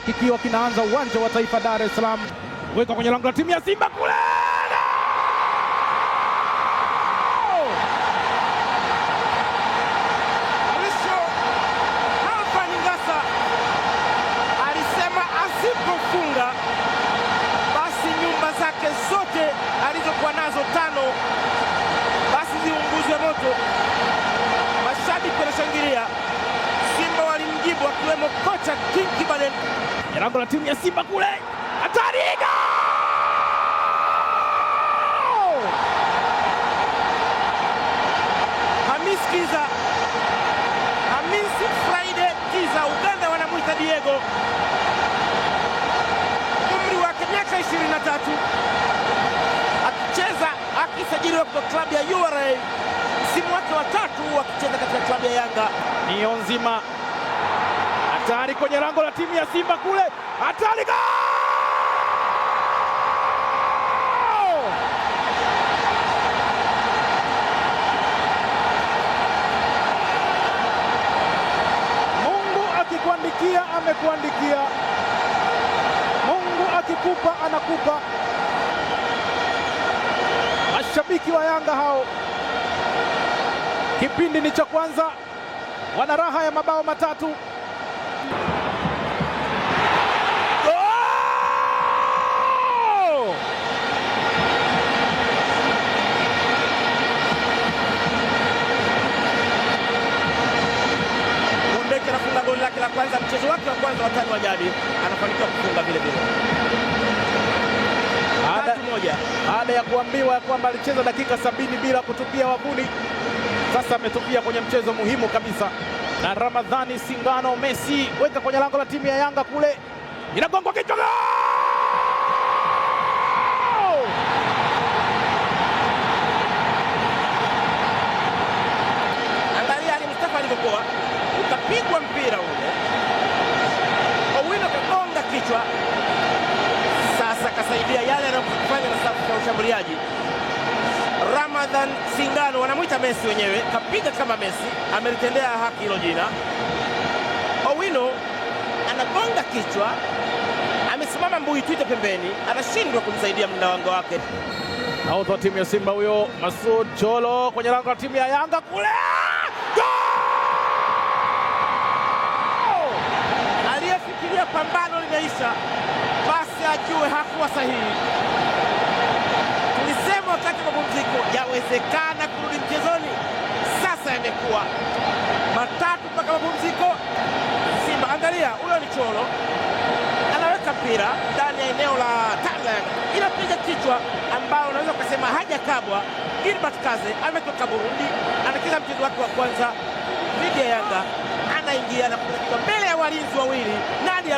kikiwa kinaanza uwanja wa Taifa Dar es Salaam, wekwa kwenye lango la timu ya Simba kule alizokuwa nazo tano basi ziunguzwe moto. Mashabiki wanashangilia, Simba walimjibu akiwemo kocha King Kibaleni kwenye lango la timu ya Simba kule, hatari Hamis Kiza, Hamis Friday Kiza, Uganda wanamwita Diego, umri wake miaka 23, akicheza akisajiliwa kwa klabu ya URA, msimu wake wa tatu akicheza katika klabu ya Yanga. Ni nzima hatari kwenye lango la timu ya Simba kule, hatari go! Mungu akikuandikia amekuandikia, Mungu akikupa anakupa. Mashabiki wa Yanga hao, kipindi ni cha kwanza, wana raha ya mabao matatu. mchezo wake wa kwanza wa tano wa jadi anafanikiwa kufunga vile vile baada ya kuambiwa kwamba alicheza dakika sabini bila kutupia wabuni sasa ametupia kwenye mchezo muhimu kabisa. Na Ramadhani Singano Messi weka kwenye lango la timu ya Yanga kule, inagongwa kichwa kichwa. Sasa kasaidia yale anayofanya na safu ya ushambuliaji. Ramadhan Singano wanamwita Messi wenyewe, kapiga kama Messi, amelitendea haki hilo jina. Owino anagonga kichwa, amesimama mbui twite pembeni, anashindwa kumsaidia mlinda wake naudha wa timu ya Simba huyo Masud Cholo kwenye lango la timu ya Yanga kule aliyefikiria pambano hajaisha, basi ajue hakuwa sahihi. Tulisema wakati wa mapumziko, yawezekana kurudi mchezoni. Sasa yamekuwa matatu mpaka mapumziko. Simba, angalia, huyo ni Cholo anaweka mpira ndani ya eneo la Tanga, inapiga kichwa ambayo unaweza ukasema hajakabwa. Gilbert Kaze ametoka Burundi, anacheza mchezo wake wa kwanza dhidi ya Yanga, anaingia na kupiga mbele ya walinzi wawili. Nani